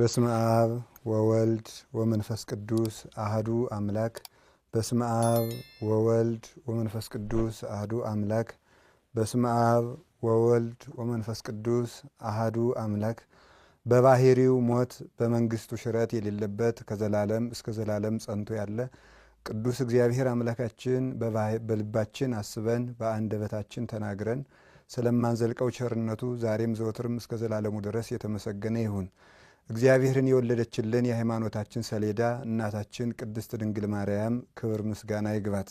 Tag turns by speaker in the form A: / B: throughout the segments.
A: በስመ አብ ወወልድ ወመንፈስ ቅዱስ አህዱ አምላክ። በስመ አብ ወወልድ ወመንፈስ ቅዱስ አህዱ አምላክ። በስመ አብ ወወልድ ወመንፈስ ቅዱስ አህዱ አምላክ። በባህሪው ሞት በመንግስቱ ሽረት የሌለበት ከዘላለም እስከ ዘላለም ጸንቶ ያለ ቅዱስ እግዚአብሔር አምላካችን በልባችን አስበን በአንደበታችን ተናግረን ስለማንዘልቀው ቸርነቱ ዛሬም ዘወትርም እስከ ዘላለሙ ድረስ የተመሰገነ ይሁን። እግዚአብሔርን የወለደችልን የሃይማኖታችን ሰሌዳ እናታችን ቅድስት ድንግል ማርያም ክብር ምስጋና ይግባት።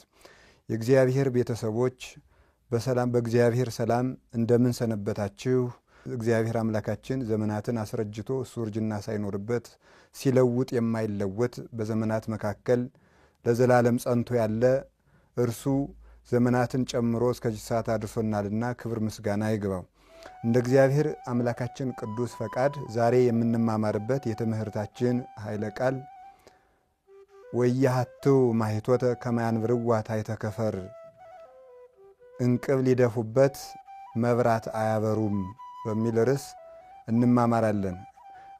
A: የእግዚአብሔር ቤተሰቦች በሰላም በእግዚአብሔር ሰላም እንደምን ሰነበታችሁ? እግዚአብሔር አምላካችን ዘመናትን አስረጅቶ እሱ እርጅና ሳይኖርበት ሲለውጥ የማይለወጥ በዘመናት መካከል ለዘላለም ጸንቶ ያለ እርሱ ዘመናትን ጨምሮ እስከዚህ ሰዓት አድርሶናልና ክብር ምስጋና ይግባው። እንደ እግዚአብሔር አምላካችን ቅዱስ ፈቃድ ዛሬ የምንማማርበት የትምህርታችን ኃይለ ቃል ወያሃትው ማሂቶተ ከማያንብርዋ ታሕተ እንቅብ ሊደፉበት መብራት አያበሩም በሚል ርዕስ እንማማራለን።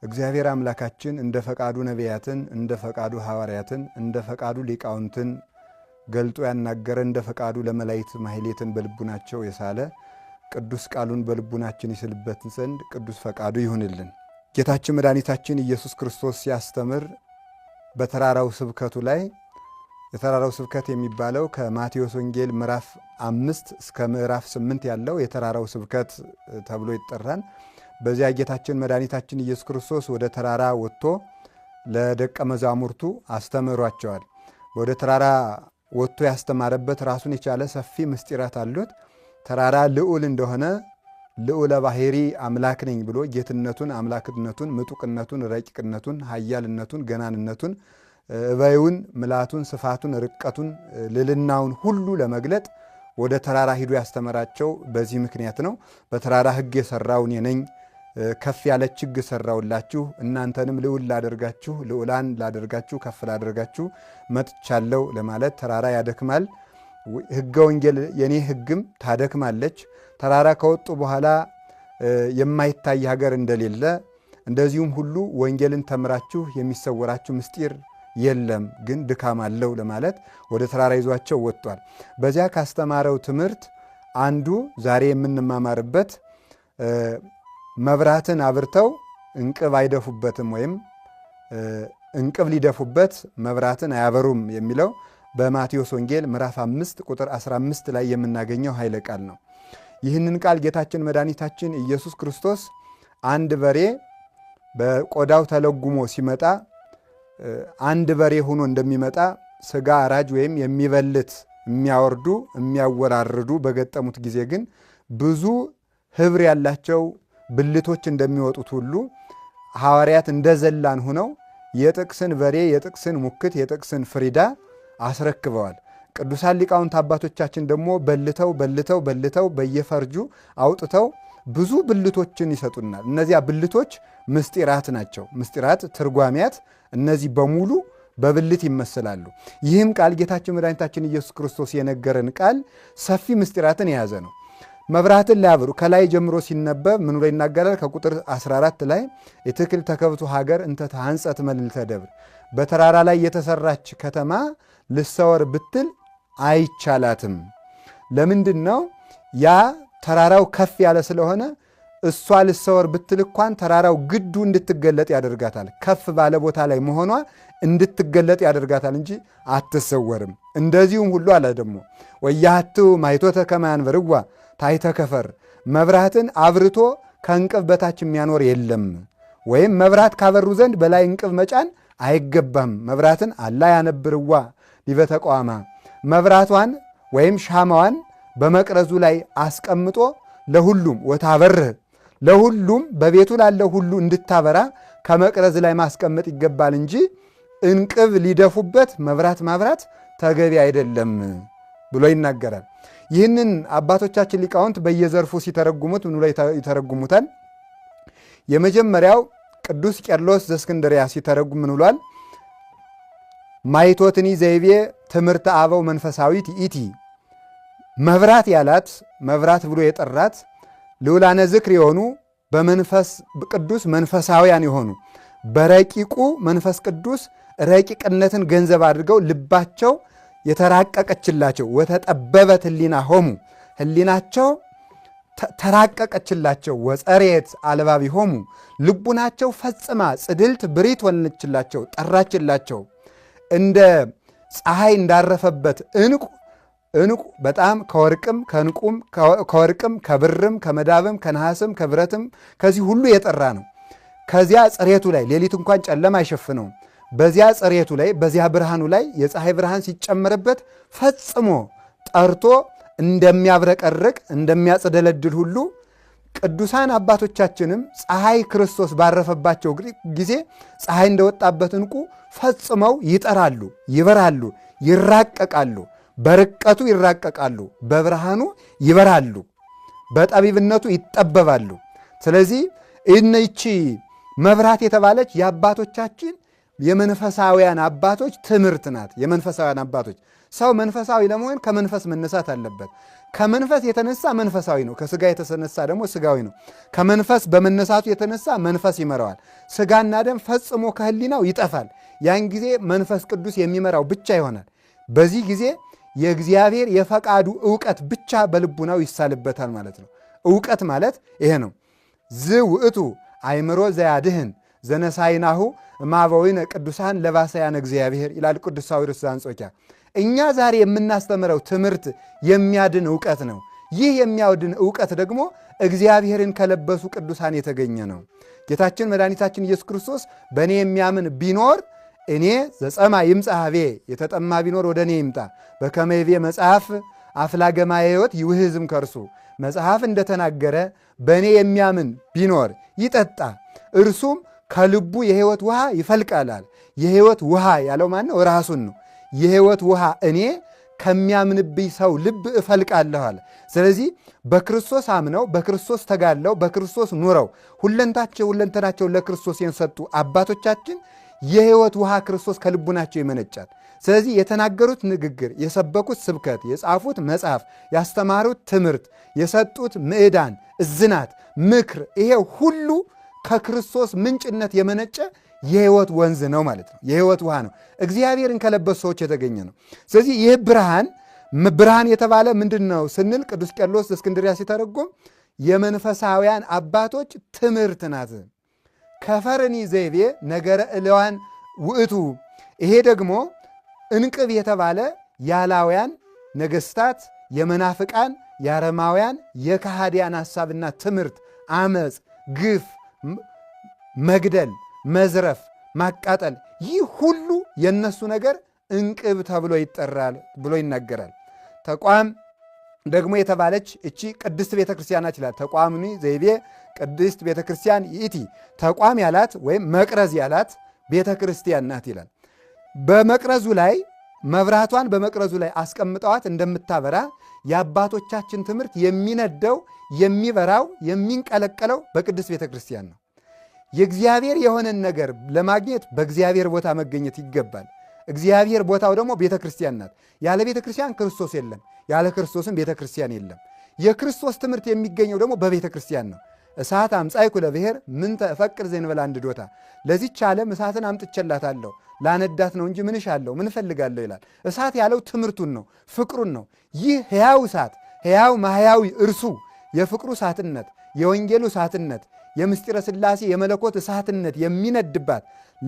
A: እግዚአብሔር አምላካችን እንደ ፈቃዱ ነቢያትን፣ እንደ ፈቃዱ ሐዋርያትን፣ እንደ ፈቃዱ ሊቃውንትን ገልጦ ያናገረ እንደ ፈቃዱ ለመላይት ማሕሌትን በልቡናቸው የሳለ ቅዱስ ቃሉን በልቡናችን ይስልበት ዘንድ ቅዱስ ፈቃዱ ይሁንልን። ጌታችን መድኃኒታችን ኢየሱስ ክርስቶስ ሲያስተምር በተራራው ስብከቱ ላይ የተራራው ስብከት የሚባለው ከማቴዎስ ወንጌል ምዕራፍ አምስት እስከ ምዕራፍ ስምንት ያለው የተራራው ስብከት ተብሎ ይጠራል። በዚያ ጌታችን መድኃኒታችን ኢየሱስ ክርስቶስ ወደ ተራራ ወጥቶ ለደቀ መዛሙርቱ አስተምሯቸዋል። ወደ ተራራ ወጥቶ ያስተማረበት ራሱን የቻለ ሰፊ ምስጢራት አሉት። ተራራ ልዑል እንደሆነ ልዑለ ባህሪ አምላክ ነኝ ብሎ ጌትነቱን፣ አምላክነቱን፣ ምጡቅነቱን፣ ረቂቅነቱን፣ ኃያልነቱን፣ ገናንነቱን፣ እበዩን፣ ምላቱን፣ ስፋቱን፣ ርቀቱን፣ ልልናውን ሁሉ ለመግለጥ ወደ ተራራ ሂዶ ያስተመራቸው በዚህ ምክንያት ነው። በተራራ ሕግ የሰራው እኔ ነኝ፣ ከፍ ያለች ሕግ ሰራውላችሁ፣ እናንተንም ልዑል ላደርጋችሁ፣ ልዑላን ላደርጋችሁ፣ ከፍ ላደርጋችሁ መጥቻለው ለማለት ተራራ ያደክማል። ህገ ወንጌል የኔ ህግም ታደክማለች። ተራራ ከወጡ በኋላ የማይታይ ሀገር እንደሌለ እንደዚሁም ሁሉ ወንጌልን ተምራችሁ የሚሰወራችሁ ምስጢር የለም፣ ግን ድካም አለው ለማለት ወደ ተራራ ይዟቸው ወጥቷል። በዚያ ካስተማረው ትምህርት አንዱ ዛሬ የምንማማርበት መብራትን አብርተው እንቅብ አይደፉበትም ወይም እንቅብ ሊደፉበት መብራትን አያበሩም የሚለው በማቴዎስ ወንጌል ምዕራፍ 5 ቁጥር 15 ላይ የምናገኘው ኃይለ ቃል ነው። ይህንን ቃል ጌታችን መድኃኒታችን ኢየሱስ ክርስቶስ አንድ በሬ በቆዳው ተለጉሞ ሲመጣ አንድ በሬ ሆኖ እንደሚመጣ ስጋ አራጅ ወይም የሚበልት የሚያወርዱ የሚያወራርዱ በገጠሙት ጊዜ ግን ብዙ ህብር ያላቸው ብልቶች እንደሚወጡት ሁሉ ሐዋርያት እንደዘላን ሆነው የጥቅስን በሬ የጥቅስን ሙክት የጥቅስን ፍሪዳ አስረክበዋል። ቅዱሳን ሊቃውንት አባቶቻችን ደግሞ በልተው በልተው በልተው በየፈርጁ አውጥተው ብዙ ብልቶችን ይሰጡናል። እነዚያ ብልቶች ምስጢራት ናቸው። ምስጢራት ትርጓሚያት፣ እነዚህ በሙሉ በብልት ይመስላሉ። ይህም ቃል ጌታችን መድኃኒታችን ኢየሱስ ክርስቶስ የነገረን ቃል ሰፊ ምስጢራትን የያዘ ነው። መብራትን ሊያብሩ ከላይ ጀምሮ ሲነበብ ምኑ ላይ ይናገራል? ከቁጥር 14 ላይ የትክል ተከብቱ ሀገር እንተ ተሐንጸት መልዕልተ ደብር፣ በተራራ ላይ የተሰራች ከተማ ልሰወር ብትል አይቻላትም። ለምንድን ነው? ያ ተራራው ከፍ ያለ ስለሆነ እሷ ልሰወር ብትል እንኳን ተራራው ግዱ እንድትገለጥ ያደርጋታል። ከፍ ባለ ቦታ ላይ መሆኗ እንድትገለጥ ያደርጋታል እንጂ አትሰወርም። እንደዚሁም ሁሉ አለ ደግሞ ወያህትው ማይቶተ ከማያንበርዋ ታይተ ከፈር መብራትን አብርቶ ከእንቅብ በታች የሚያኖር የለም። ወይም መብራት ካበሩ ዘንድ በላይ እንቅብ መጫን አይገባም። መብራትን አላ ያነብርዋ ዲበተቋማ መብራቷን ወይም ሻማዋን በመቅረዙ ላይ አስቀምጦ ለሁሉም ወታበርህ ለሁሉም በቤቱ ላለ ሁሉ እንድታበራ ከመቅረዝ ላይ ማስቀመጥ ይገባል እንጂ እንቅብ ሊደፉበት መብራት ማብራት ተገቢ አይደለም ብሎ ይናገራል። ይህንን አባቶቻችን ሊቃውንት በየዘርፉ ሲተረጉሙት ምኑ ላይ ይተረጉሙታል? የመጀመሪያው ቅዱስ ቄርሎስ ዘእስክንድርያ ሲተረጉም ምን ብሏል? ማይቶትኒ ዘይቤ ትምህርት አበው መንፈሳዊት ኢቲ መብራት ያላት መብራት ብሎ የጠራት ልዑላነ ዝክር የሆኑ በመንፈስ ቅዱስ መንፈሳውያን የሆኑ በረቂቁ መንፈስ ቅዱስ ረቂቅነትን ገንዘብ አድርገው ልባቸው የተራቀቀችላቸው ወተጠበበት ህሊና ሆሙ ህሊናቸው ተራቀቀችላቸው ወፀሬት አልባቢ ሆሙ ልቡናቸው ፈጽማ ጽድልት ብሪት ወነችላቸው ጠራችላቸው። እንደ ፀሐይ እንዳረፈበት እንቁ እንቁ በጣም ከወርቅም ከንቁም ከወርቅም ከብርም ከመዳብም ከነሐስም ከብረትም ከዚህ ሁሉ የጠራ ነው። ከዚያ ጽሬቱ ላይ ሌሊት እንኳን ጨለማ አይሸፍነውም። በዚያ ጽሬቱ ላይ በዚያ ብርሃኑ ላይ የፀሐይ ብርሃን ሲጨመርበት ፈጽሞ ጠርቶ እንደሚያብረቀርቅ እንደሚያጸደለድል ሁሉ ቅዱሳን አባቶቻችንም ፀሐይ ክርስቶስ ባረፈባቸው ጊዜ ፀሐይ እንደወጣበት እንቁ ፈጽመው ይጠራሉ፣ ይበራሉ፣ ይራቀቃሉ። በርቀቱ ይራቀቃሉ፣ በብርሃኑ ይበራሉ፣ በጠቢብነቱ ይጠበባሉ። ስለዚህ እነቺ መብራት የተባለች የአባቶቻችን የመንፈሳውያን አባቶች ትምህርት ናት። የመንፈሳውያን አባቶች ሰው መንፈሳዊ ለመሆን ከመንፈስ መነሳት አለበት። ከመንፈስ የተነሳ መንፈሳዊ ነው፣ ከስጋ የተነሳ ደግሞ ስጋዊ ነው። ከመንፈስ በመነሳቱ የተነሳ መንፈስ ይመራዋል። ስጋና ደም ፈጽሞ ከህሊናው ይጠፋል። ያን ጊዜ መንፈስ ቅዱስ የሚመራው ብቻ ይሆናል። በዚህ ጊዜ የእግዚአብሔር የፈቃዱ እውቀት ብቻ በልቡናው ይሳልበታል ማለት ነው። እውቀት ማለት ይሄ ነው። ዝ ውእቱ አይምሮ ዘያድህን ዘነሳይናሁ እማበዊነ ቅዱሳን ለባሰያን እግዚአብሔር ይላል ቅዱሳዊ ርስ ዘአንጾኪያ እኛ ዛሬ የምናስተምረው ትምህርት የሚያድን እውቀት ነው። ይህ የሚያድን እውቀት ደግሞ እግዚአብሔርን ከለበሱ ቅዱሳን የተገኘ ነው። ጌታችን መድኃኒታችን ኢየሱስ ክርስቶስ በእኔ የሚያምን ቢኖር እኔ ዘጸማ ይምጻሐቤ የተጠማ ቢኖር ወደ እኔ ይምጣ በከመይቤ መጽሐፍ አፍላገማ ሕይወት ይውህዝም ከርሱ መጽሐፍ እንደተናገረ በእኔ የሚያምን ቢኖር ይጠጣ እርሱም ከልቡ የሕይወት ውሃ ይፈልቃላል። የሕይወት ውሃ ያለው ማነው? ራሱን ነው። የህይወት ውሃ እኔ ከሚያምንብኝ ሰው ልብ እፈልቃለሁ አለ። ስለዚህ በክርስቶስ አምነው በክርስቶስ ተጋለው በክርስቶስ ኑረው ሁለንታቸው ሁለንተናቸው ለክርስቶስ የሰጡ አባቶቻችን የህይወት ውሃ ክርስቶስ ከልቡናቸው ይመነጫል። ስለዚህ የተናገሩት ንግግር፣ የሰበኩት ስብከት፣ የጻፉት መጽሐፍ፣ ያስተማሩት ትምህርት፣ የሰጡት ምዕዳን፣ እዝናት፣ ምክር ይሄ ሁሉ ከክርስቶስ ምንጭነት የመነጨ የህይወት ወንዝ ነው ማለት ነው። የህይወት ውሃ ነው። እግዚአብሔርን ከለበሱ ሰዎች የተገኘ ነው። ስለዚህ ይህ ብርሃን ብርሃን የተባለ ምንድን ነው ስንል ቅዱስ ቄርሎስ እስክንድሪያ ሲተረጉም የመንፈሳውያን አባቶች ትምህርት ናት። ከፈርኒ ዘይቤ ነገረ እለዋን ውእቱ። ይሄ ደግሞ እንቅብ የተባለ ያላውያን ነገስታት የመናፍቃን የአረማውያን የካሃዲያን ሐሳብና ትምህርት፣ አመፅ፣ ግፍ፣ መግደል መዝረፍ፣ ማቃጠል፣ ይህ ሁሉ የእነሱ ነገር እንቅብ ተብሎ ይጠራል ብሎ ይናገራል። ተቋም ደግሞ የተባለች እቺ ቅድስት ቤተ ክርስቲያናት ይላል። ተቋምኒ ዘይቤ ቅድስት ቤተ ክርስቲያን ይእቲ ተቋም ያላት ወይም መቅረዝ ያላት ቤተ ክርስቲያን ናት ይላል። በመቅረዙ ላይ መብራቷን በመቅረዙ ላይ አስቀምጠዋት እንደምታበራ የአባቶቻችን ትምህርት የሚነደው የሚበራው የሚንቀለቀለው በቅድስት ቤተ ክርስቲያን ነው። የእግዚአብሔር የሆነን ነገር ለማግኘት በእግዚአብሔር ቦታ መገኘት ይገባል። እግዚአብሔር ቦታው ደግሞ ቤተ ክርስቲያን ናት። ያለ ቤተ ክርስቲያን ክርስቶስ የለም፣ ያለ ክርስቶስም ቤተ ክርስቲያን የለም። የክርስቶስ ትምህርት የሚገኘው ደግሞ በቤተ ክርስቲያን ነው። እሳት አምጻይኩ ለብሔር ምንተ እፈቅድ አንድ ዶታ ለዚች ዓለም እሳትን አምጥቼላታለሁ ላነዳት ነው እንጂ ምንሻለሁ ምን እፈልጋለሁ ይላል። እሳት ያለው ትምህርቱን ነው፣ ፍቅሩን ነው። ይህ ሕያው እሳት ሕያው ማሕያዊ እርሱ የፍቅሩ እሳትነት የወንጌሉ እሳትነት የምስጢረ ስላሴ የመለኮት እሳትነት የሚነድባት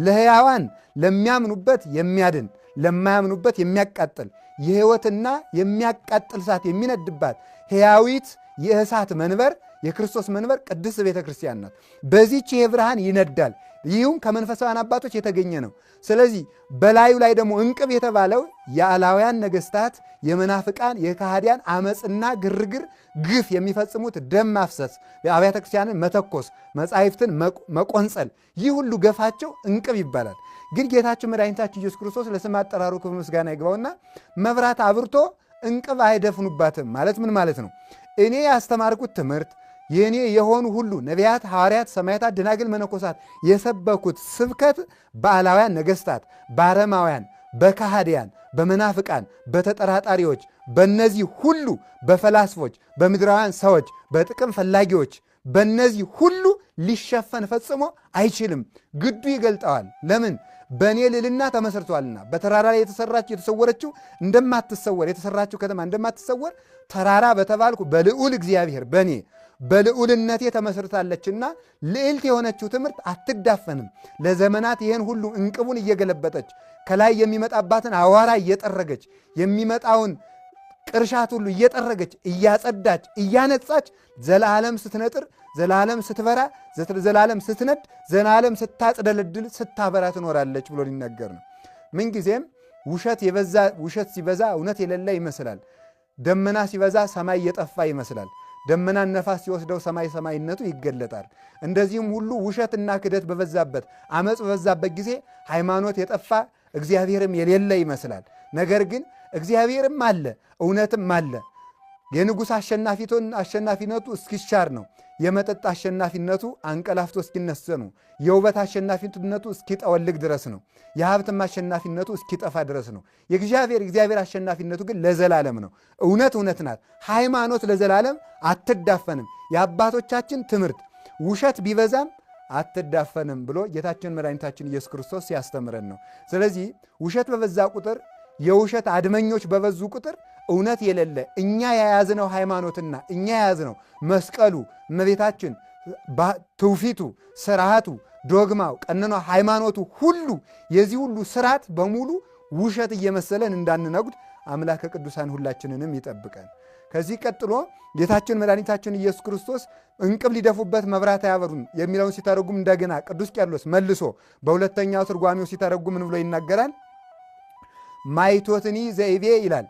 A: ለሕያዋን ለሚያምኑበት የሚያድን ለማያምኑበት የሚያቃጥል የሕይወትና የሚያቃጥል እሳት የሚነድባት ሕያዊት የእሳት መንበር የክርስቶስ መንበር ቅድስት ቤተ ክርስቲያን ናት። በዚች ይሄ ብርሃን ይነዳል። ይህም ከመንፈሳውያን አባቶች የተገኘ ነው። ስለዚህ በላዩ ላይ ደግሞ እንቅብ የተባለው የአላውያን ነገስታት፣ የመናፍቃን፣ የካህዲያን አመፅና ግርግር፣ ግፍ የሚፈጽሙት ደም ማፍሰስ፣ የአብያተ ክርስቲያንን መተኮስ፣ መጻሕፍትን መቆንጸል፣ ይህ ሁሉ ገፋቸው እንቅብ ይባላል። ግን ጌታችን መድኃኒታችን ኢየሱስ ክርስቶስ ለስም አጠራሩ ክብር ምስጋና ይግባውና መብራት አብርቶ እንቅብ አይደፍኑባትም ማለት ምን ማለት ነው? እኔ ያስተማርኩት ትምህርት የእኔ የሆኑ ሁሉ ነቢያት፣ ሐዋርያት፣ ሰማያታት፣ ደናግል፣ መነኮሳት የሰበኩት ስብከት በዓላውያን ነገሥታት፣ በአረማውያን፣ በካሃዲያን፣ በመናፍቃን፣ በተጠራጣሪዎች፣ በእነዚህ ሁሉ በፈላስፎች፣ በምድራውያን ሰዎች፣ በጥቅም ፈላጊዎች በእነዚህ ሁሉ ሊሸፈን ፈጽሞ አይችልም። ግዱ ይገልጠዋል። ለምን በእኔ ልዕልና ተመስርቷልና በተራራ ላይ የተሰራችው የተሰወረችው እንደማትሰወር የተሰራችው ከተማ እንደማትሰወር ተራራ በተባልኩ በልዑል እግዚአብሔር በእኔ በልዑልነቴ ተመስርታለችና ልዕልት የሆነችው ትምህርት አትዳፈንም። ለዘመናት ይህን ሁሉ እንቅቡን እየገለበጠች ከላይ የሚመጣባትን አዋራ እየጠረገች የሚመጣውን ቅርሻት ሁሉ እየጠረገች እያጸዳች እያነጻች ዘላለም ስትነጥር ዘላለም ስትበራ ዘላለም ስትነድ ዘላለም ስታጽደልድል ስታበራ ትኖራለች ብሎ ሊነገር ነው። ምንጊዜም ውሸት የበዛ ውሸት ሲበዛ እውነት የሌለ ይመስላል። ደመና ሲበዛ ሰማይ የጠፋ ይመስላል። ደመናን ነፋስ ሲወስደው ሰማይ ሰማይነቱ ይገለጣል። እንደዚህም ሁሉ ውሸትና ክደት በበዛበት አመፅ በበዛበት ጊዜ ሃይማኖት የጠፋ እግዚአብሔርም የሌለ ይመስላል። ነገር ግን እግዚአብሔርም አለ፣ እውነትም አለ። የንጉሥ አሸናፊቶን አሸናፊነቱ እስኪሻር ነው። የመጠጥ አሸናፊነቱ አንቀላፍቶ እስኪነሰ ነው። የውበት አሸናፊነቱ እስኪጠወልግ ድረስ ነው። የሀብትም አሸናፊነቱ እስኪጠፋ ድረስ ነው። የእግዚአብሔር እግዚአብሔር አሸናፊነቱ ግን ለዘላለም ነው። እውነት እውነት ናት። ሃይማኖት ለዘላለም አትዳፈንም። የአባቶቻችን ትምህርት ውሸት ቢበዛም አትዳፈንም ብሎ ጌታችን መድኃኒታችን ኢየሱስ ክርስቶስ ሲያስተምረን ነው። ስለዚህ ውሸት በበዛ ቁጥር የውሸት አድመኞች በበዙ ቁጥር እውነት የሌለ እኛ የያዝነው ሃይማኖትና እኛ የያዝነው መስቀሉ፣ እመቤታችን፣ ትውፊቱ፣ ስርዓቱ፣ ዶግማው፣ ቀኖና፣ ሃይማኖቱ ሁሉ የዚህ ሁሉ ስርዓት በሙሉ ውሸት እየመሰለን እንዳንነጉድ አምላከ ቅዱሳን ሁላችንንም ይጠብቀን። ከዚህ ቀጥሎ ጌታችን መድኃኒታችን ኢየሱስ ክርስቶስ እንቅብ ሊደፉበት መብራት አያበሩን የሚለውን ሲተረጉም እንደገና ቅዱስ ቄርሎስ መልሶ በሁለተኛው ትርጓሚው ሲተረጉም ብሎ ይናገራል? ማይቶትኒ ዘይቤ ይላል።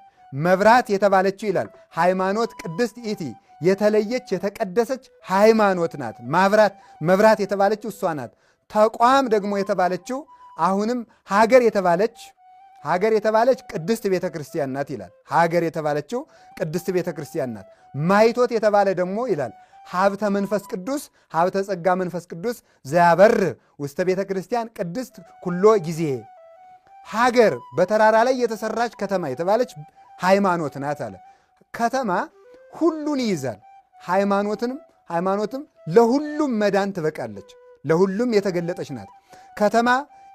A: መብራት የተባለችው ይላል ሃይማኖት ቅድስት ኢቲ የተለየች የተቀደሰች ሃይማኖት ናት። ማብራት መብራት የተባለችው እሷ ናት። ተቋም ደግሞ የተባለችው አሁንም ሀገር የተባለች ሀገር የተባለች ቅድስት ቤተ ክርስቲያን ናት ይላል። ሀገር የተባለችው ቅድስት ቤተ ክርስቲያን ናት። ማይቶት የተባለ ደግሞ ይላል ሀብተ መንፈስ ቅዱስ ሀብተ ጸጋ መንፈስ ቅዱስ ዘያበር ውስተ ቤተ ክርስቲያን ቅድስት ኩሎ ጊዜ ሀገር በተራራ ላይ የተሰራች ከተማ የተባለች ሃይማኖት ናት አለ። ከተማ ሁሉን ይይዛል። ሃይማኖትንም ሃይማኖትም ለሁሉም መዳን ትበቃለች። ለሁሉም የተገለጠች ናት። ከተማ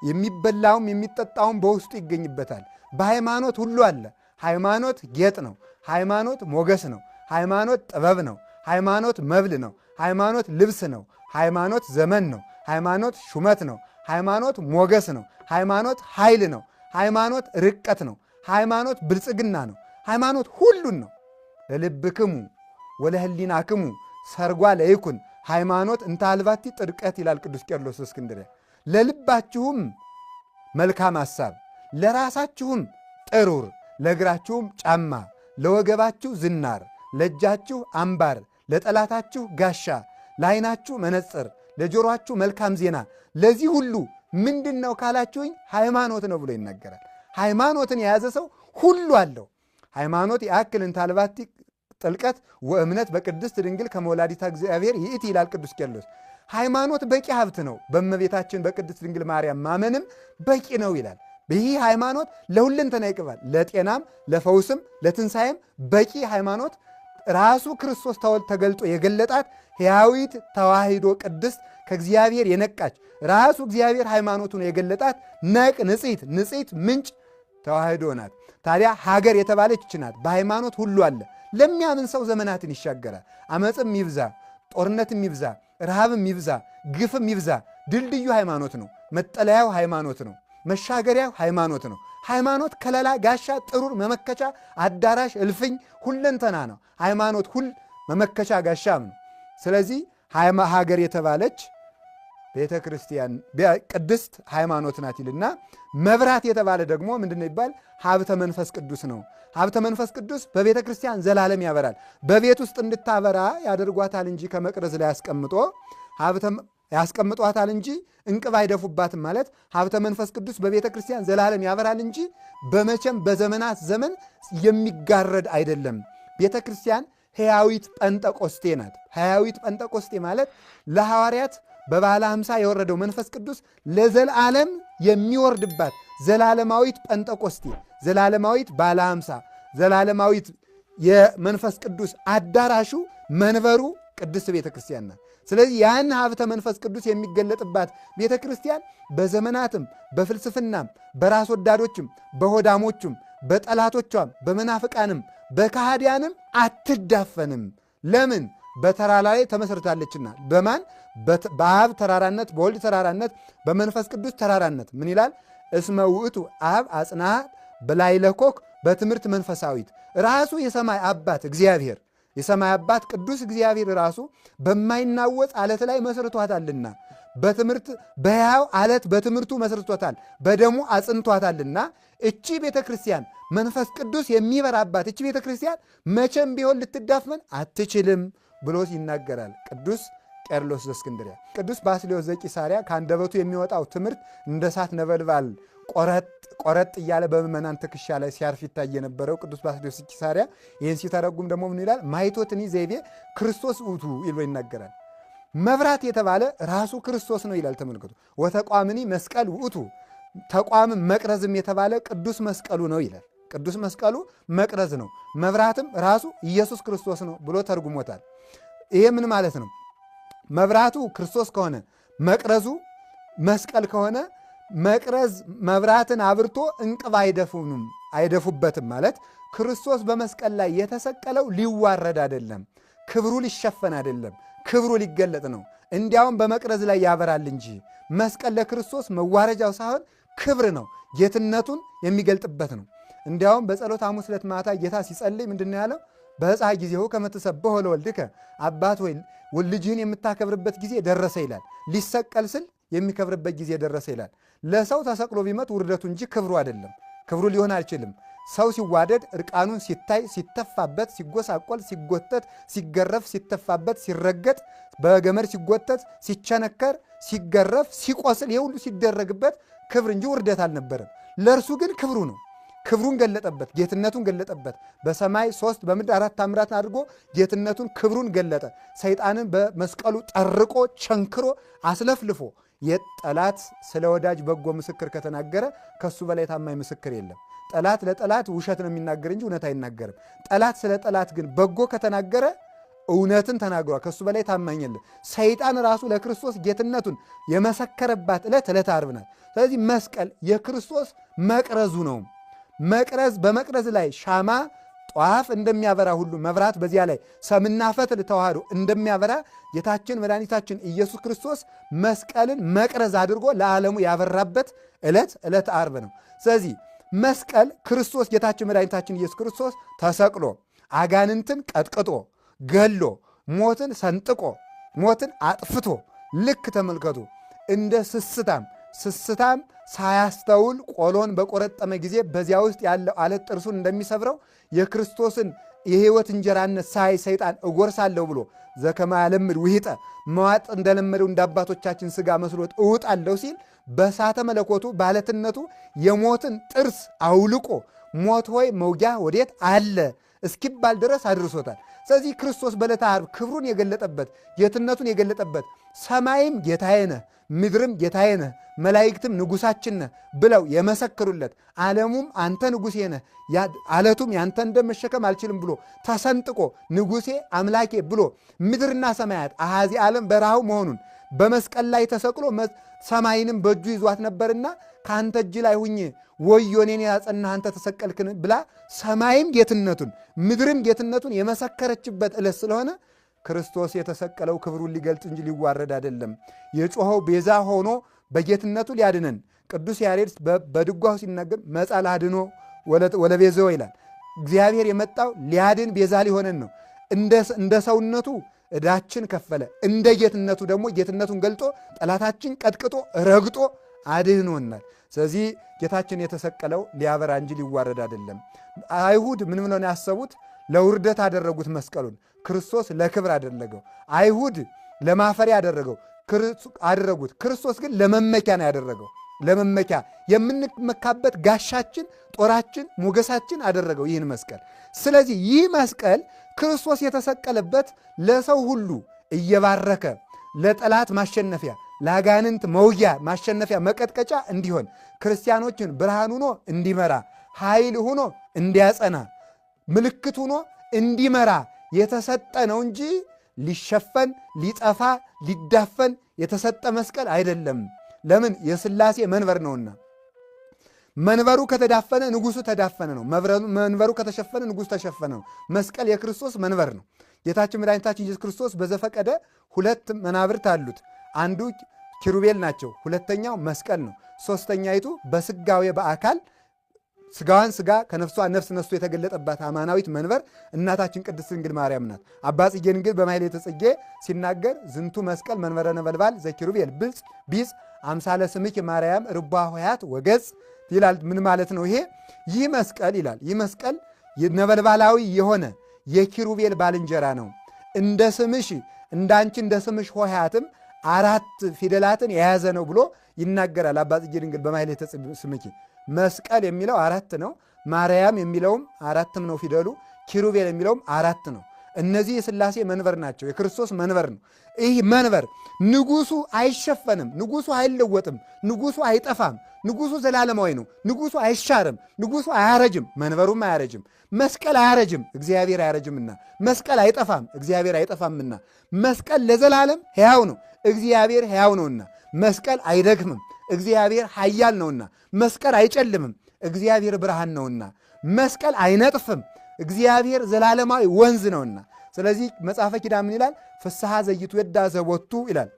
A: የሚበላውም የሚጠጣውም በውስጡ ይገኝበታል። በሃይማኖት ሁሉ አለ። ሃይማኖት ጌጥ ነው። ሃይማኖት ሞገስ ነው። ሃይማኖት ጥበብ ነው። ሃይማኖት መብል ነው። ሃይማኖት ልብስ ነው። ሃይማኖት ዘመን ነው። ሃይማኖት ሹመት ነው። ሃይማኖት ሞገስ ነው። ሃይማኖት ኃይል ነው። ሃይማኖት ርቀት ነው። ሃይማኖት ብልጽግና ነው። ሃይማኖት ሁሉን ነው። ለልብክሙ ወለህሊናክሙ ሰርጓ ለይኩን ሃይማኖት እንተ አልባቲ ጥድቀት ይላል ቅዱስ ቄርሎስ እስክንድርያ። ለልባችሁም መልካም ሐሳብ፣ ለራሳችሁም ጥሩር፣ ለእግራችሁም ጫማ፣ ለወገባችሁ ዝናር፣ ለእጃችሁ አምባር፣ ለጠላታችሁ ጋሻ፣ ለዓይናችሁ መነጽር ለጆሮአችሁ መልካም ዜና። ለዚህ ሁሉ ምንድን ነው ካላችሁኝ ሃይማኖት ነው ብሎ ይናገራል። ሃይማኖትን የያዘ ሰው ሁሉ አለው። ሃይማኖት የአክልን ታልባቲ ጥልቀት ወእምነት በቅድስት ድንግል ከመወላዲታ እግዚአብሔር ይእቲ ይላል ቅዱስ ቄርሎስ። ሃይማኖት በቂ ሀብት ነው፣ በእመቤታችን በቅድስት ድንግል ማርያም ማመንም በቂ ነው ይላል። ይህ ሃይማኖት ለሁለንተና ይቅባል፣ ለጤናም፣ ለፈውስም፣ ለትንሣኤም በቂ ሃይማኖት ራሱ ክርስቶስ ተወል ተገልጦ የገለጣት ሕያዊት ተዋሂዶ ቅድስት ከእግዚአብሔር የነቃች ራሱ እግዚአብሔር ሃይማኖቱን የገለጣት ነቅ ንጽሕት ንጽሕት ምንጭ ተዋህዶ ናት። ታዲያ ሀገር የተባለች ናት። በሃይማኖት ሁሉ አለ ለሚያምን ሰው ዘመናትን ይሻገራል። አመፅም ይብዛ፣ ጦርነትም ይብዛ፣ ረሃብም ይብዛ፣ ግፍም ይብዛ፣ ድልድዩ ሃይማኖት ነው። መጠለያው ሃይማኖት ነው። መሻገሪያ ሃይማኖት ነው። ሃይማኖት ከለላ፣ ጋሻ፣ ጥሩር፣ መመከቻ፣ አዳራሽ፣ እልፍኝ፣ ሁለንተና ነው። ሃይማኖት ሁል መመከቻ ጋሻም ነው። ስለዚህ ሀገር የተባለች ቤተ ክርስቲያን ቅድስት ሃይማኖት ናት ይልና መብራት የተባለ ደግሞ ምንድን ይባል? ሀብተ መንፈስ ቅዱስ ነው። ሀብተ መንፈስ ቅዱስ በቤተ ክርስቲያን ዘላለም ያበራል። በቤት ውስጥ እንድታበራ ያደርጓታል እንጂ ከመቅረዝ ላይ አስቀምጦ ያስቀምጧታል እንጂ እንቅብ አይደፉባትም ማለት ሀብተ መንፈስ ቅዱስ በቤተ ክርስቲያን ዘላለም ያበራል እንጂ በመቼም በዘመናት ዘመን የሚጋረድ አይደለም። ቤተ ክርስቲያን ሕያዊት ጴንጠቆስቴ ናት። ሕያዊት ጴንጠቆስቴ ማለት ለሐዋርያት በባለ ሐምሳ የወረደው መንፈስ ቅዱስ ለዘላለም የሚወርድባት ዘላለማዊት ጴንጠቆስቴ፣ ዘላለማዊት ባለ ሐምሳ፣ ዘላለማዊት የመንፈስ ቅዱስ አዳራሹ መንበሩ ቅድስት ቤተ ክርስቲያን ናት። ስለዚህ ያን ሀብተ መንፈስ ቅዱስ የሚገለጥባት ቤተ ክርስቲያን በዘመናትም በፍልስፍናም በራስ ወዳዶችም በሆዳሞችም በጠላቶቿም በመናፍቃንም በካህዲያንም አትዳፈንም። ለምን? በተራራ ላይ ተመስርታለችና። በማን? በአብ ተራራነት፣ በወልድ ተራራነት፣ በመንፈስ ቅዱስ ተራራነት። ምን ይላል? እስመ ውእቱ አብ አጽናሃ በላይለ በትምህርት መንፈሳዊት ራሱ የሰማይ አባት እግዚአብሔር የሰማይ አባት ቅዱስ እግዚአብሔር ራሱ በማይናወጽ አለት ላይ መስርቷታልና በትምህርት በሕያው አለት በትምህርቱ መስርቶታል፣ በደሙ አጽንቷታልና እቺ ቤተ ክርስቲያን መንፈስ ቅዱስ የሚበራባት እቺ ቤተ ክርስቲያን መቼም ቢሆን ልትዳፍመን አትችልም ብሎ ይናገራል ቅዱስ ቄርሎስ ዘእስክንድርያ። ቅዱስ ባስሌዮስ ዘቂሳርያ ከአንደበቱ የሚወጣው ትምህርት እንደ እሳት ነበልባል ቆረጥ ቆረጥ እያለ በምእመናን ትከሻ ላይ ሲያርፍ ይታይ የነበረው ቅዱስ ባስልዮስ ቂሳርያ ይህን ሲተረጉም ደግሞ ምን ይላል? ማይቶትኒ ዘይቤ ክርስቶስ ውእቱ ይሎ ይናገራል። መብራት የተባለ ራሱ ክርስቶስ ነው ይላል። ተመልከቱ። ወተቋምኒ መስቀል ውእቱ ተቋም መቅረዝም የተባለ ቅዱስ መስቀሉ ነው ይላል። ቅዱስ መስቀሉ መቅረዝ ነው፣ መብራትም ራሱ ኢየሱስ ክርስቶስ ነው ብሎ ተርጉሞታል። ይሄ ምን ማለት ነው? መብራቱ ክርስቶስ ከሆነ መቅረዙ መስቀል ከሆነ መቅረዝ መብራትን አብርቶ እንቅብ አይደፉንም አይደፉበትም ማለት ክርስቶስ በመስቀል ላይ የተሰቀለው ሊዋረድ አይደለም፣ ክብሩ ሊሸፈን አይደለም፣ ክብሩ ሊገለጥ ነው። እንዲያውም በመቅረዝ ላይ ያበራል እንጂ መስቀል ለክርስቶስ መዋረጃው ሳይሆን ክብር ነው፣ ጌትነቱን የሚገልጥበት ነው። እንዲያውም በጸሎት ሐሙስ ዕለት ማታ ጌታ ሲጸልይ ምንድን ያለው? በፀሐ ጊዜሁ ከመ ለወልድከ አባት ወይ ልጅህን የምታከብርበት ጊዜ ደረሰ ይላል። ሊሰቀል ስል የሚከብርበት ጊዜ ደረሰ ይላል። ለሰው ተሰቅሎ ቢመት ውርደቱ እንጂ ክብሩ አይደለም። ክብሩ ሊሆን አይችልም። ሰው ሲዋደድ እርቃኑን ሲታይ፣ ሲተፋበት፣ ሲጎሳቆል፣ ሲጎተት፣ ሲገረፍ፣ ሲተፋበት፣ ሲረገጥ፣ በገመድ ሲጎተት፣ ሲቸነከር፣ ሲገረፍ፣ ሲቆስል፣ ይህ ሁሉ ሲደረግበት ክብር እንጂ ውርደት አልነበረም። ለእርሱ ግን ክብሩ ነው። ክብሩን ገለጠበት፣ ጌትነቱን ገለጠበት። በሰማይ ሶስት በምድር አራት ታምራት አድርጎ ጌትነቱን ክብሩን ገለጠ። ሰይጣንን በመስቀሉ ጠርቆ ቸንክሮ አስለፍልፎ የጠላት ስለ ወዳጅ በጎ ምስክር ከተናገረ ከሱ በላይ ታማኝ ምስክር የለም። ጠላት ለጠላት ውሸት ነው የሚናገር እንጂ እውነት አይናገርም። ጠላት ስለ ጠላት ግን በጎ ከተናገረ እውነትን ተናግሯል። ከሱ በላይ ታማኝ የለም። ሰይጣን ራሱ ለክርስቶስ ጌትነቱን የመሰከረባት ዕለት ዕለት ዓርብ ናት። ስለዚህ መስቀል የክርስቶስ መቅረዙ ነው። መቅረዝ በመቅረዝ ላይ ሻማ ጧፍ እንደሚያበራ ሁሉ መብራት በዚያ ላይ ሰምና ፈትል ተዋህዶ እንደሚያበራ ጌታችን መድኃኒታችን ኢየሱስ ክርስቶስ መስቀልን መቅረዝ አድርጎ ለዓለሙ ያበራበት ዕለት ዕለት ዓርብ ነው። ስለዚህ መስቀል ክርስቶስ ጌታችን መድኃኒታችን ኢየሱስ ክርስቶስ ተሰቅሎ አጋንንትን ቀጥቅጦ ገሎ ሞትን ሰንጥቆ ሞትን አጥፍቶ ልክ ተመልከቱ እንደ ስስታም ስስታም ሳያስተውል ቆሎን በቆረጠመ ጊዜ በዚያ ውስጥ ያለው አለት ጥርሱን እንደሚሰብረው የክርስቶስን የህይወት እንጀራነት ሳይ ሰይጣን እጎርሳለሁ ብሎ ዘከማ ያለምድ ውሂጠ መዋጥ እንደለመደው እንደ አባቶቻችን ሥጋ መስሎት እውጣለሁ ሲል በሳተ መለኮቱ ባለትነቱ የሞትን ጥርስ አውልቆ ሞት ሆይ መውጊያ ወዴት አለ እስኪባል ድረስ አድርሶታል። ስለዚህ ክርስቶስ በዕለተ ዓርብ ክብሩን የገለጠበት ጌትነቱን የገለጠበት ሰማይም ጌታዬ ነህ፣ ምድርም ጌታዬ ነህ መላይክትም ንጉሳችን ነህ ብለው የመሰክሩለት ዓለሙም አንተ ንጉሴ ነህ አለቱም ያንተ እንደመሸከም አልችልም ብሎ ተሰንጥቆ ንጉሴ አምላኬ ብሎ ምድርና ሰማያት አሃዚ ዓለም በረሃው መሆኑን በመስቀል ላይ ተሰቅሎ ሰማይንም በእጁ ይዟት ነበርና ከአንተ እጅ ላይ ሁኝ ወዮ እኔን አንተ ተሰቀልክን ብላ ሰማይም ጌትነቱን ምድርም ጌትነቱን የመሰከረችበት ዕለት ስለሆነ ክርስቶስ የተሰቀለው ክብሩን ሊገልጥ እንጂ ሊዋረድ አይደለም። የጮኸው ቤዛ ሆኖ በጌትነቱ ሊያድነን ቅዱስ ያሬድ በድጓው ሲናገር መጻ ላድኖ ወለቤዘ ይላል። እግዚአብሔር የመጣው ሊያድን ቤዛ ሊሆነን ነው። እንደ ሰውነቱ እዳችን ከፈለ፣ እንደ ጌትነቱ ደግሞ ጌትነቱን ገልጦ ጠላታችን ቀጥቅጦ ረግጦ አድህኖናል። ስለዚህ ጌታችን የተሰቀለው ሊያበራ እንጂ ሊዋረድ አይደለም። አይሁድ ምን ብለው ያሰቡት? ለውርደት አደረጉት መስቀሉን። ክርስቶስ ለክብር አደረገው። አይሁድ ለማፈሪያ አደረገው። አደረጉት። ክርስቶስ ግን ለመመኪያ ነው ያደረገው። ለመመኪያ የምንመካበት ጋሻችን፣ ጦራችን፣ ሞገሳችን አደረገው ይህን መስቀል። ስለዚህ ይህ መስቀል ክርስቶስ የተሰቀለበት ለሰው ሁሉ እየባረከ ለጠላት ማሸነፊያ ለአጋንንት መውጊያ ማሸነፊያ መቀጥቀጫ እንዲሆን ክርስቲያኖችን ብርሃን ሆኖ እንዲመራ ኃይል ሆኖ እንዲያጸና ምልክት ሆኖ እንዲመራ የተሰጠ ነው እንጂ ሊሸፈን፣ ሊጠፋ፣ ሊዳፈን የተሰጠ መስቀል አይደለም። ለምን? የስላሴ መንበር ነውና። መንበሩ ከተዳፈነ ንጉሱ ተዳፈነ ነው። መንበሩ ከተሸፈነ ንጉሱ ተሸፈነ ነው። መስቀል የክርስቶስ መንበር ነው። ጌታችን መድኃኒታችን ኢየሱስ ክርስቶስ በዘፈቀደ ሁለት መናብርት አሉት። አንዱ ኪሩቤል ናቸው፣ ሁለተኛው መስቀል ነው። ሦስተኛይቱ በስጋዌ በአካል ስጋዋን ስጋ ከነፍሷ ነፍስ ነስቶ የተገለጠባት አማናዊት መንበር እናታችን ቅድስት ድንግል ማርያም ናት። አባ ጽጌን ግን በማሕሌተ ጽጌ ሲናገር ዝንቱ መስቀል መንበረ ነበልባል ዘኪሩቤል ብልጽ ቢጽ አምሳለ ስምኪ ማርያም ርቧ ሆያት ወገጽ ይላል። ምን ማለት ነው ይሄ? ይህ መስቀል ይላል። ይህ መስቀል ነበልባላዊ የሆነ የኪሩቤል ባልንጀራ ነው። እንደ ስምሽ እንዳንቺ እንደ ስምሽ ሆያትም አራት ፊደላትን የያዘ ነው ብሎ ይናገራል አባ ጽጌ ድንግል በማሕሌተ ስምኪ መስቀል የሚለው አራት ነው። ማርያም የሚለውም አራትም ነው ፊደሉ። ኪሩቤል የሚለውም አራት ነው። እነዚህ የስላሴ መንበር ናቸው። የክርስቶስ መንበር ነው። ይህ መንበር ንጉሱ አይሸፈንም፣ ንጉሱ አይለወጥም፣ ንጉሱ አይጠፋም፣ ንጉሱ ዘላለማዊ ነው። ንጉሱ አይሻርም፣ ንጉሱ አያረጅም፣ መንበሩም አያረጅም። መስቀል አያረጅም፣ እግዚአብሔር አያረጅምና፣ መስቀል አይጠፋም፣ እግዚአብሔር አይጠፋምና፣ መስቀል ለዘላለም ሕያው ነው፣ እግዚአብሔር ሕያው ነውና፣ መስቀል አይደክምም። እግዚአብሔር ኃያል ነውና፣ መስቀል አይጨልምም፣ እግዚአብሔር ብርሃን ነውና፣ መስቀል አይነጥፍም፣ እግዚአብሔር ዘላለማዊ ወንዝ ነውና። ስለዚህ መጽሐፈ ኪዳን ምን ይላል? ፍስሐ ዘይትወዳ ዘቦቱ ይላል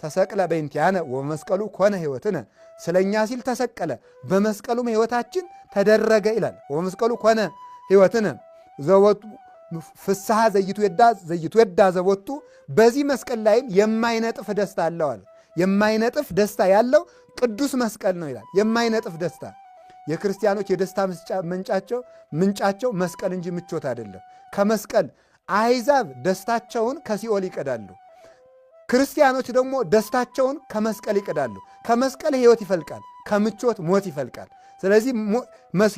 A: ተሰቅለ በእንቲአነ ወመስቀሉ ኮነ ህይወትነ ስለ እኛ ሲል ተሰቀለ፣ በመስቀሉም ህይወታችን ተደረገ ይላል። ወመስቀሉ ኮነ ህይወትነ ዘወቱ ፍስሐ ዘይቱ ዘይትወዳ ዘቦቱ በዚህ መስቀል ላይም የማይነጥፍ ደስታ አለዋል። የማይነጥፍ ደስታ ያለው ቅዱስ መስቀል ነው ይላል። የማይነጥፍ ደስታ የክርስቲያኖች የደስታ ምንጫቸው ምንጫቸው መስቀል እንጂ ምቾት አይደለም። ከመስቀል አሕዛብ ደስታቸውን ከሲኦል ይቀዳሉ። ክርስቲያኖች ደግሞ ደስታቸውን ከመስቀል ይቀዳሉ። ከመስቀል ሕይወት ይፈልቃል፣ ከምቾት ሞት ይፈልቃል። ስለዚህ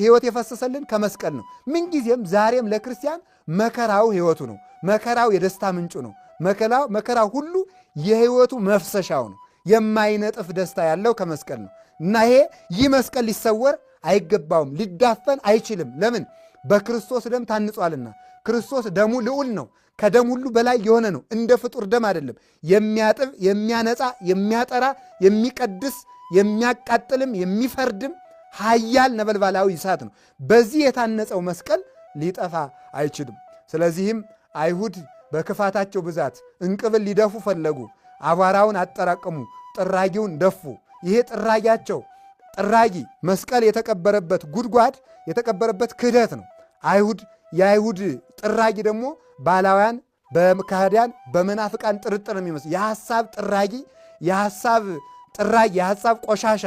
A: ሕይወት የፈሰሰልን ከመስቀል ነው። ምንጊዜም ዛሬም ለክርስቲያን መከራው ሕይወቱ ነው። መከራው የደስታ ምንጩ ነው። መከራው ሁሉ የሕይወቱ መፍሰሻው ነው። የማይነጥፍ ደስታ ያለው ከመስቀል ነው እና ይሄ ይህ መስቀል ሊሰወር አይገባውም፣ ሊዳፈን አይችልም። ለምን? በክርስቶስ ደም ታንጿልና። ክርስቶስ ደሙ ልዑል ነው። ከደም ሁሉ በላይ የሆነ ነው። እንደ ፍጡር ደም አይደለም። የሚያጥብ፣ የሚያነጻ፣ የሚያጠራ፣ የሚቀድስ፣ የሚያቃጥልም፣ የሚፈርድም ኃያል ነበልባላዊ እሳት ነው። በዚህ የታነጸው መስቀል ሊጠፋ አይችልም። ስለዚህም አይሁድ በክፋታቸው ብዛት እንቅብል ሊደፉ ፈለጉ። አቧራውን አጠራቀሙ። ጥራጊውን ደፉ። ይሄ ጥራጊያቸው ጥራጊ መስቀል የተቀበረበት ጉድጓድ የተቀበረበት ክህደት ነው። አይሁድ የአይሁድ ጥራጊ ደግሞ ባላውያን በካህዲያን በመናፍቃን ጥርጥር ነው የሚመስል የሐሳብ ጥራጊ የሐሳብ ጥራጊ የሐሳብ ቆሻሻ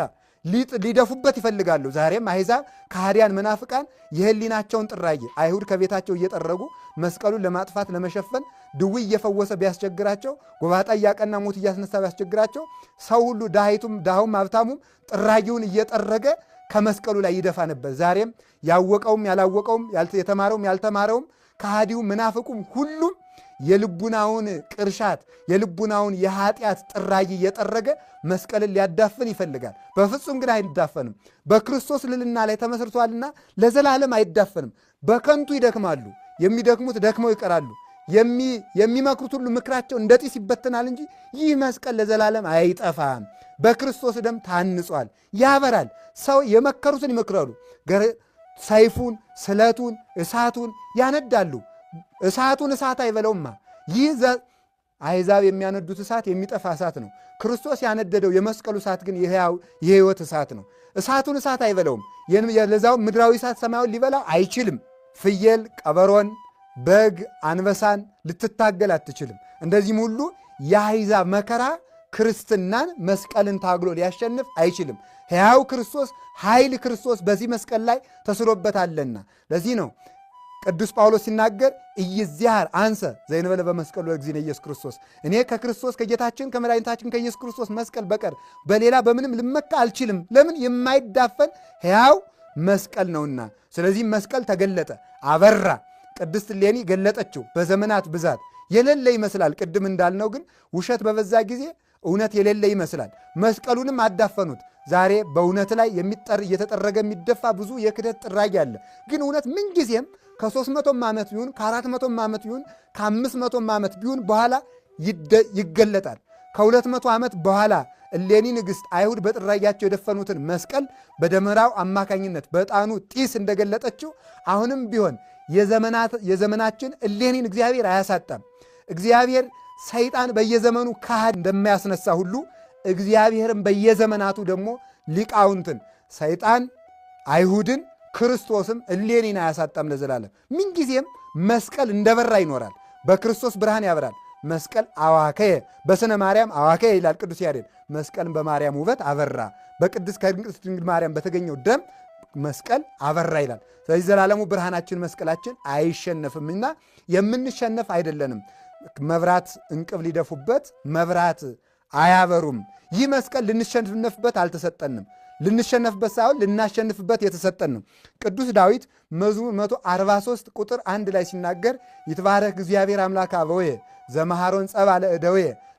A: ሊደፉበት ይፈልጋሉ። ዛሬም አሕዛብ ካህዲያን መናፍቃን የህሊናቸውን ጥራጊ አይሁድ ከቤታቸው እየጠረጉ መስቀሉን ለማጥፋት ለመሸፈን ድውይ እየፈወሰ ቢያስቸግራቸው፣ ጎባጣ እያቀና ሞት እያስነሳ ቢያስቸግራቸው፣ ሰው ሁሉ ድሃይቱም፣ ዳሁም ሀብታሙም ጥራጊውን እየጠረገ ከመስቀሉ ላይ ይደፋ ነበር። ዛሬም ያወቀውም ያላወቀውም የተማረውም ያልተማረውም ከሃዲው ምናፍቁም ሁሉም የልቡናውን ቅርሻት የልቡናውን የኃጢአት ጥራጊ እየጠረገ መስቀልን ሊያዳፍን ይፈልጋል። በፍጹም ግን አይዳፈንም። በክርስቶስ ልልና ላይ ተመስርቷልና ለዘላለም አይዳፈንም። በከንቱ ይደክማሉ። የሚደክሙት ደክመው ይቀራሉ። የሚመክሩት ሁሉ ምክራቸው እንደ ጢስ ይበትናል እንጂ ይህ መስቀል ለዘላለም አይጠፋም፣ በክርስቶስ ደም ታንጿል፣ ያበራል። ሰው የመከሩትን ይመክራሉ፣ ሰይፉን፣ ስለቱን፣ እሳቱን ያነዳሉ። እሳቱን እሳት አይበለውማ። ይህ አይዛብ የሚያነዱት እሳት የሚጠፋ እሳት ነው። ክርስቶስ ያነደደው የመስቀሉ እሳት ግን የሕይወት እሳት ነው። እሳቱን እሳት አይበለውም። ለዛው ምድራዊ እሳት ሰማያውን ሊበላ አይችልም። ፍየል፣ ቀበሮን በግ አንበሳን ልትታገል አትችልም። እንደዚህም ሁሉ የአሕዛብ መከራ ክርስትናን መስቀልን ታግሎ ሊያሸንፍ አይችልም። ሕያው ክርስቶስ ኃይል ክርስቶስ በዚህ መስቀል ላይ ተስሎበታለና ለዚህ ነው ቅዱስ ጳውሎስ ሲናገር እይዚያር አንሰ ዘይንበለ በመስቀሉ እግዚእነ ኢየሱስ ክርስቶስ፣ እኔ ከክርስቶስ ከጌታችን ከመድኃኒታችን ከኢየሱስ ክርስቶስ መስቀል በቀር በሌላ በምንም ልመካ አልችልም። ለምን? የማይዳፈን ሕያው መስቀል ነውና። ስለዚህ መስቀል ተገለጠ፣ አበራ ቅድስት ሌኒ ገለጠችው። በዘመናት ብዛት የሌለ ይመስላል። ቅድም እንዳልነው ግን ውሸት በበዛ ጊዜ እውነት የሌለ ይመስላል። መስቀሉንም አዳፈኑት። ዛሬ በእውነት ላይ እየተጠረገ የሚደፋ ብዙ የክደት ጥራጊ አለ። ግን እውነት ምንጊዜም ከሦስት መቶም ዓመት ቢሆን ከአራት መቶም ዓመት ቢሆን ከአምስት መቶም ዓመት ቢሆን በኋላ ይገለጣል። ከሁለት መቶ ዓመት በኋላ እሌኒ ንግሥት አይሁድ በጥራጊያቸው የደፈኑትን መስቀል በደመራው አማካኝነት በጣኑ ጢስ እንደገለጠችው አሁንም ቢሆን የዘመናችን እሌኒን እግዚአብሔር አያሳጣም። እግዚአብሔር ሰይጣን በየዘመኑ ካህድ እንደማያስነሳ ሁሉ እግዚአብሔርን በየዘመናቱ ደግሞ ሊቃውንትን ሰይጣን አይሁድን ክርስቶስም እሌኒን አያሳጣም ለዘላለም ምንጊዜም መስቀል እንደበራ ይኖራል። በክርስቶስ ብርሃን ያበራል። መስቀል አዋከየ በስነ ማርያም አዋከየ ይላል ቅዱስ ያሬድ። መስቀልን በማርያም ውበት አበራ፣ በቅድስት ድንግል ማርያም በተገኘው ደም መስቀል አበራ ይላል። ስለዚህ ዘላለሙ ብርሃናችን መስቀላችን አይሸነፍምና የምንሸነፍ አይደለንም። መብራት እንቅብ ሊደፉበት መብራት አያበሩም። ይህ መስቀል ልንሸነፍበት አልተሰጠንም። ልንሸነፍበት ሳይሆን ልናሸንፍበት የተሰጠን ነው። ቅዱስ ዳዊት መዝሙር 143 ቁጥር አንድ ላይ ሲናገር ይትባረክ እግዚአብሔር አምላከ አበወየ ዘመሃሮን ጸባ እደዌ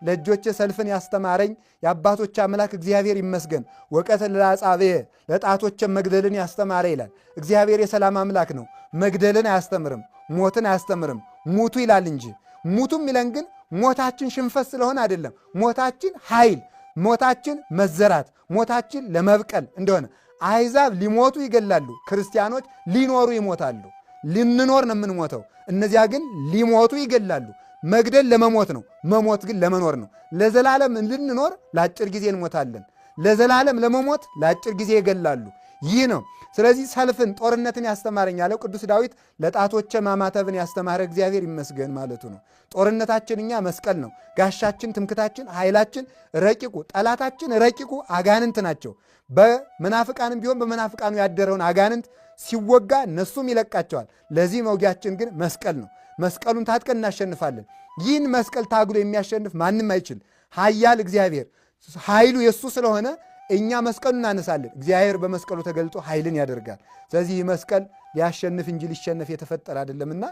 A: ለእጆች ሰልፍን ያስተማረኝ የአባቶች አምላክ እግዚአብሔር ይመስገን። ወቀት ለአጻብየ ለጣቶች መግደልን ያስተማረ ይላል። እግዚአብሔር የሰላም አምላክ ነው። መግደልን አያስተምርም፣ ሞትን አያስተምርም። ሙቱ ይላል እንጂ ሙቱ የሚለን ግን ሞታችን ሽንፈት ስለሆነ አይደለም። ሞታችን ኃይል፣ ሞታችን መዘራት፣ ሞታችን ለመብቀል እንደሆነ አሕዛብ ሊሞቱ ይገላሉ፣ ክርስቲያኖች ሊኖሩ ይሞታሉ። ልንኖር ነው የምንሞተው፣ እነዚያ ግን ሊሞቱ ይገላሉ። መግደል ለመሞት ነው፣ መሞት ግን ለመኖር ነው። ለዘላለም ልንኖር ለአጭር ጊዜ እንሞታለን። ለዘላለም ለመሞት ለአጭር ጊዜ ይገላሉ። ይህ ነው። ስለዚህ ሰልፍን፣ ጦርነትን ያስተማረኝ ያለው ቅዱስ ዳዊት ለጣቶቼ ማማተብን ያስተማረ እግዚአብሔር ይመስገን ማለቱ ነው። ጦርነታችን እኛ መስቀል ነው። ጋሻችን፣ ትምክታችን፣ ኃይላችን ረቂቁ ጠላታችን ረቂቁ አጋንንት ናቸው። በመናፍቃንም ቢሆን በመናፍቃኑ ያደረውን አጋንንት ሲወጋ እነሱም ይለቃቸዋል። ለዚህ መውጊያችን ግን መስቀል ነው። መስቀሉን ታጥቀን እናሸንፋለን። ይህን መስቀል ታግሎ የሚያሸንፍ ማንም አይችል። ኃያል እግዚአብሔር ኃይሉ የእሱ ስለሆነ እኛ መስቀሉን እናነሳለን። እግዚአብሔር በመስቀሉ ተገልጦ ኃይልን ያደርጋል። ስለዚህ ይህ መስቀል ሊያሸንፍ እንጂ ሊሸነፍ የተፈጠረ አይደለምና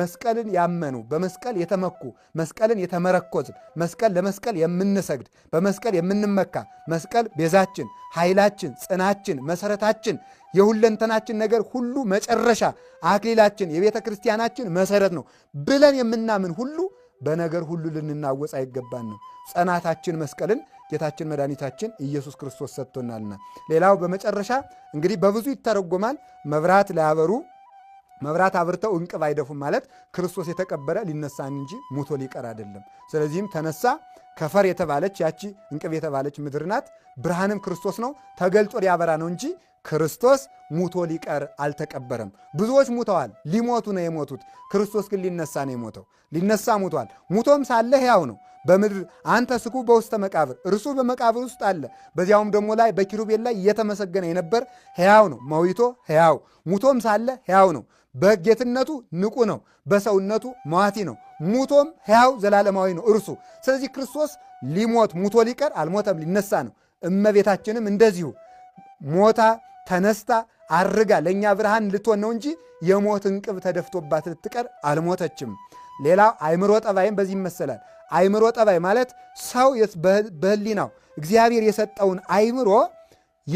A: መስቀልን ያመኑ በመስቀል የተመኩ መስቀልን የተመረኮዝ መስቀል ለመስቀል የምንሰግድ በመስቀል የምንመካ መስቀል ቤዛችን፣ ኃይላችን፣ ጽናችን፣ መሰረታችን የሁለንተናችን ነገር ሁሉ መጨረሻ አክሊላችን፣ የቤተ ክርስቲያናችን መሰረት ነው ብለን የምናምን ሁሉ በነገር ሁሉ ልንናወፅ አይገባን ነው። ጽናታችን መስቀልን ጌታችን መድኃኒታችን ኢየሱስ ክርስቶስ ሰጥቶናልና። ሌላው በመጨረሻ እንግዲህ በብዙ ይተረጎማል። መብራት ላያበሩ መብራት አብርተው እንቅብ አይደፉም ማለት ክርስቶስ የተቀበረ ሊነሳን እንጂ ሙቶ ሊቀር አይደለም። ስለዚህም ተነሳ ከፈር የተባለች ያቺ እንቅብ የተባለች ምድር ናት። ብርሃንም ክርስቶስ ነው ተገልጦ ሊያበራ ነው እንጂ ክርስቶስ ሙቶ ሊቀር አልተቀበረም። ብዙዎች ሙተዋል፣ ሊሞቱ ነው የሞቱት። ክርስቶስ ግን ሊነሳ ነው የሞተው። ሊነሳ ሙቷል። ሙቶም ሳለ ሕያው ነው። በምድር አንተ ስኩ በውስተ መቃብር፣ እርሱ በመቃብር ውስጥ አለ። በዚያውም ደግሞ ላይ በኪሩቤል ላይ እየተመሰገነ የነበር ሕያው ነው። መዊቶ ሕያው ሙቶም ሳለ ሕያው ነው። በጌትነቱ ንቁ ነው። በሰውነቱ መዋቲ ነው። ሙቶም ሕያው ዘላለማዊ ነው እርሱ። ስለዚህ ክርስቶስ ሊሞት ሙቶ ሊቀር አልሞተም፣ ሊነሳ ነው። እመቤታችንም እንደዚሁ ሞታ ተነስታ አርጋ ለእኛ ብርሃን ልትሆን ነው እንጂ የሞት እንቅብ ተደፍቶባት ልትቀር አልሞተችም። ሌላ አይምሮ ጠባይም በዚህ ይመሰላል። አይምሮ ጠባይ ማለት ሰው በህሊናው እግዚአብሔር የሰጠውን አይምሮ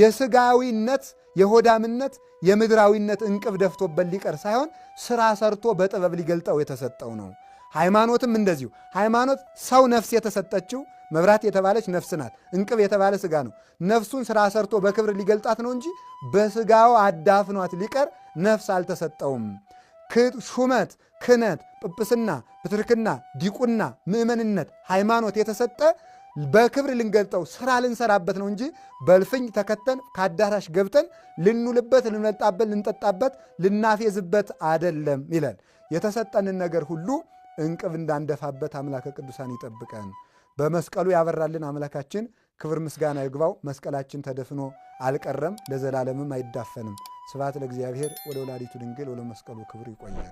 A: የስጋዊነት፣ የሆዳምነት፣ የምድራዊነት እንቅብ ደፍቶበት ሊቀር ሳይሆን ስራ ሰርቶ በጥበብ ሊገልጠው የተሰጠው ነው። ሃይማኖትም እንደዚሁ። ሃይማኖት ሰው ነፍስ የተሰጠችው መብራት የተባለች ነፍስ ናት። እንቅብ የተባለ ስጋ ነው። ነፍሱን ስራ ሰርቶ በክብር ሊገልጣት ነው እንጂ በስጋው አዳፍኗት ሊቀር ነፍስ አልተሰጠውም። ሹመት፣ ክህነት፣ ጵጵስና፣ ብትርክና፣ ዲቁና፣ ምእመንነት ሃይማኖት የተሰጠ በክብር ልንገልጠው ስራ ልንሰራበት ነው እንጂ በልፍኝ ተከተን ከአዳራሽ ገብተን ልንውልበት፣ ልንመልጣበት፣ ልንጠጣበት፣ ልናፌዝበት አደለም ይላል። የተሰጠንን ነገር ሁሉ እንቅብ እንዳንደፋበት አምላከ ቅዱሳን ይጠብቀን። በመስቀሉ ያበራልን አምላካችን ክብር ምስጋና ይግባው። መስቀላችን ተደፍኖ አልቀረም፣ ለዘላለምም አይዳፈንም። ስብሐት ለእግዚአብሔር ወለወላዲቱ ድንግል ወለመስቀሉ ክብር። ይቆያል።